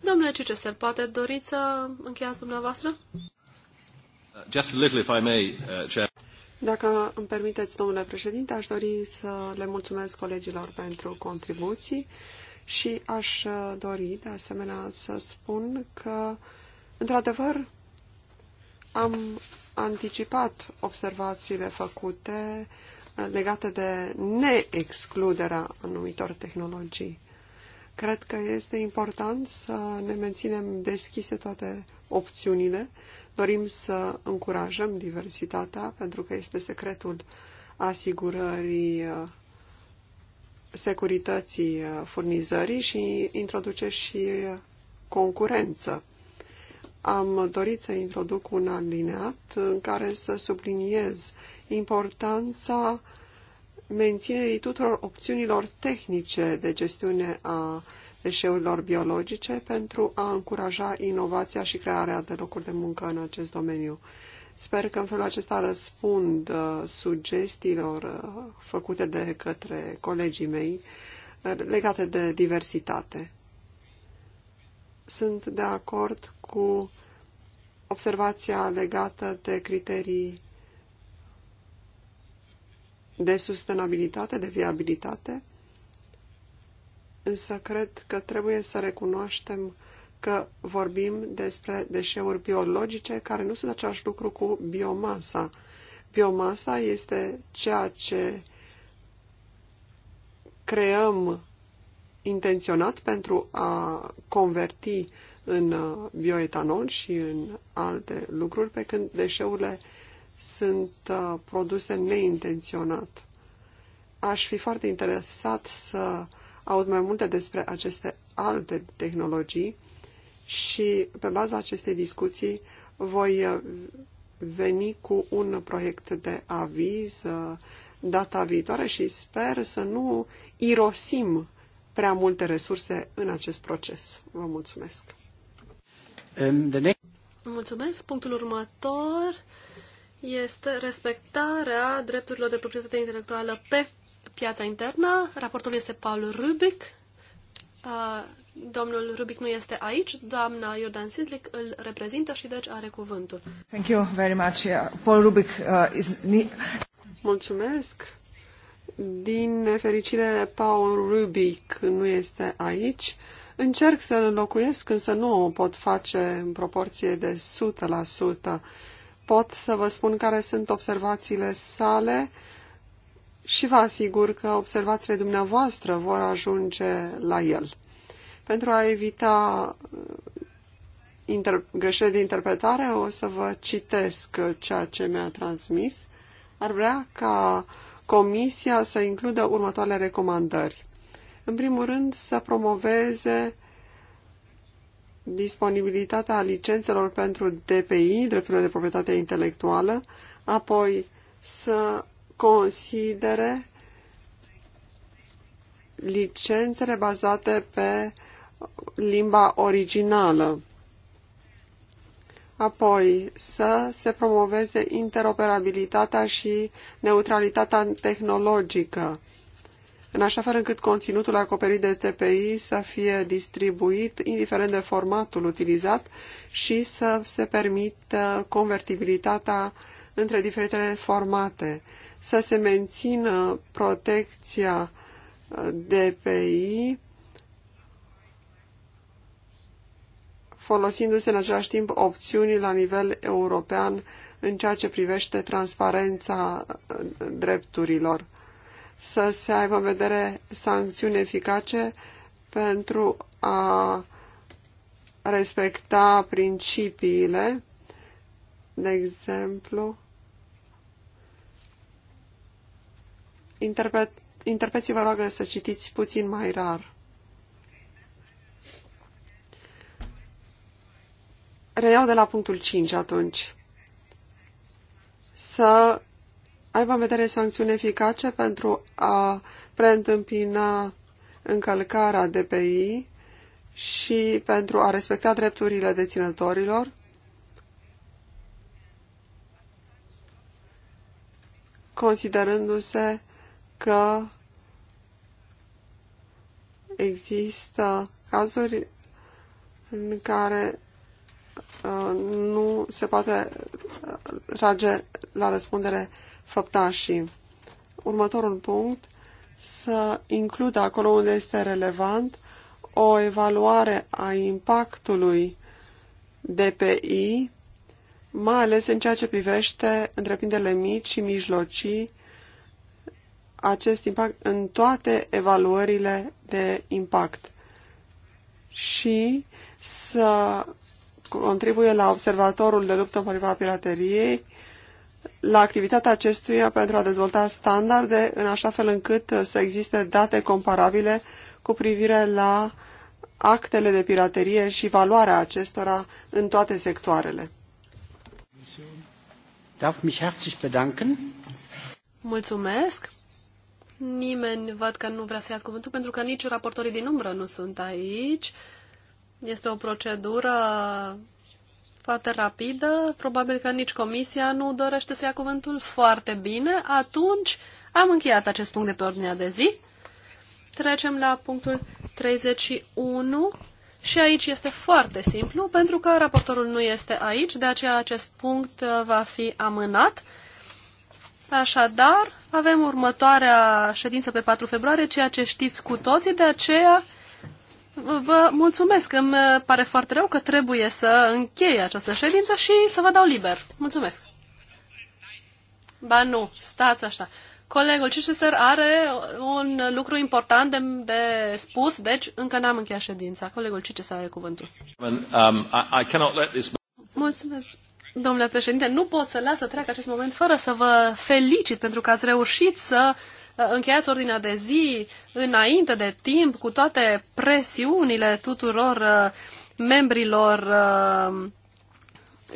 Speaker 2: Domnule Chichester, poate doriți să încheiați dumneavoastră? Uh,
Speaker 1: just a little, if I may, uh, Chair.
Speaker 4: Dacă îmi permiteți, domnule președinte, aș dori să le mulțumesc colegilor pentru contribuții și aș uh, dori, de asemenea, să spun că, într-adevăr, am anticipat observațiile făcute uh, legate de neexcluderea anumitor tehnologii. Cred că este important să ne menținem deschise toate opțiunile. Dorim să încurajăm diversitatea, pentru că este secretul asigurării uh, securității uh, furnizării și introduce și uh, concurență. Am dorit să introduc un alineat în care să subliniez importanța menținerii tuturor opțiunilor tehnice de gestiune a deșeurilor biologice pentru a încuraja inovația și crearea de locuri de muncă în acest domeniu. Sper că în felul acesta răspund uh, sugestiilor uh, făcute de către colegii mei uh, legate de diversitate. Sunt de acord cu observația legată de criterii de sustenabilitate, de viabilitate, însă cred că trebuie să recunoaștem că vorbim despre deșeuri biologice care nu sunt același lucru cu biomasa. Biomasa este ceea ce creăm intenționat pentru a converti în bioetanol și în alte lucruri, pe când deșeurile sunt uh, produse neintenționat. Aș fi foarte interesat să aud mai multe despre aceste alte tehnologii și pe baza acestei discuții voi uh, veni cu un proiect de aviz uh, data viitoare și sper să nu irosim prea multe resurse în acest proces. Vă mulțumesc!
Speaker 2: Mulțumesc! Punctul următor este respectarea drepturilor de proprietate intelectuală pe piața internă. Raportul este Paul Rubic. Domnul Rubic nu este aici, doamna Jordan Sizlik îl reprezintă și deci are cuvântul.
Speaker 4: Thank you very much. Paul Rubic uh, is... Mulțumesc. Din nefericire, Paul Rubic nu este aici. Încerc să-l înlocuiesc, însă nu o pot face în proporție de 100% pot să vă spun care sunt observațiile sale și vă asigur că observațiile dumneavoastră vor ajunge la el. Pentru a evita uh, inter- greșeli de interpretare, o să vă citesc uh, ceea ce mi-a transmis. Ar vrea ca Comisia să includă următoarele recomandări. În primul rând, să promoveze disponibilitatea licențelor pentru DPI, drepturile de proprietate intelectuală, apoi să considere licențele bazate pe limba originală. Apoi, să se promoveze interoperabilitatea și neutralitatea tehnologică în așa fel încât conținutul acoperit de TPI să fie distribuit indiferent de formatul utilizat și să se permită convertibilitatea între diferitele formate, să se mențină protecția uh, DPI folosindu-se în același timp opțiuni la nivel european în ceea ce privește transparența uh, drepturilor să se aibă în vedere sancțiuni eficace pentru a respecta principiile, de exemplu, interpret, interpreții vă rog să citiți puțin mai rar. Reiau de la punctul 5 atunci. Să aibă în vedere sancțiuni eficace pentru a preîntâmpina încălcarea DPI și pentru a respecta drepturile deținătorilor. considerându-se că există cazuri în care uh, nu se poate trage la răspundere făptașii. Următorul punct, să includă acolo unde este relevant o evaluare a impactului DPI, mai ales în ceea ce privește întreprinderile mici și mijlocii, acest impact în toate evaluările de impact și să contribuie la observatorul de luptă împotriva pirateriei la activitatea acestuia pentru a dezvolta standarde în așa fel încât să existe date comparabile cu privire la actele de piraterie și valoarea acestora în toate sectoarele.
Speaker 1: Darf mich herzlich bedanken.
Speaker 2: Mulțumesc. Nimeni văd că nu vrea să ia cuvântul pentru că nici raportorii din umbră nu sunt aici. Este o procedură foarte rapidă, probabil că nici comisia nu dorește să ia cuvântul foarte bine, atunci am încheiat acest punct de pe ordinea de zi. Trecem la punctul 31 și aici este foarte simplu, pentru că raportorul nu este aici, de aceea acest punct uh, va fi amânat. Așadar, avem următoarea ședință pe 4 februarie, ceea ce știți cu toții, de aceea Vă mulțumesc, îmi uh, pare foarte rău că trebuie să închei această ședință și să vă dau liber. Mulțumesc. Ba nu, stați așa. Colegul Chichester are un lucru important de, de spus, deci încă n-am încheiat ședința. Colegul Chichester are cuvântul.
Speaker 3: Um,
Speaker 2: mulțumesc. Domnule președinte, nu pot să las să treacă acest moment fără să vă felicit pentru că ați reușit să Uh, încheiați ordinea de zi înainte de timp, cu toate presiunile tuturor uh, membrilor uh,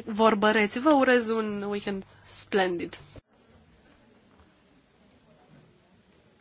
Speaker 2: vorbăreți. Vă urez un weekend splendid!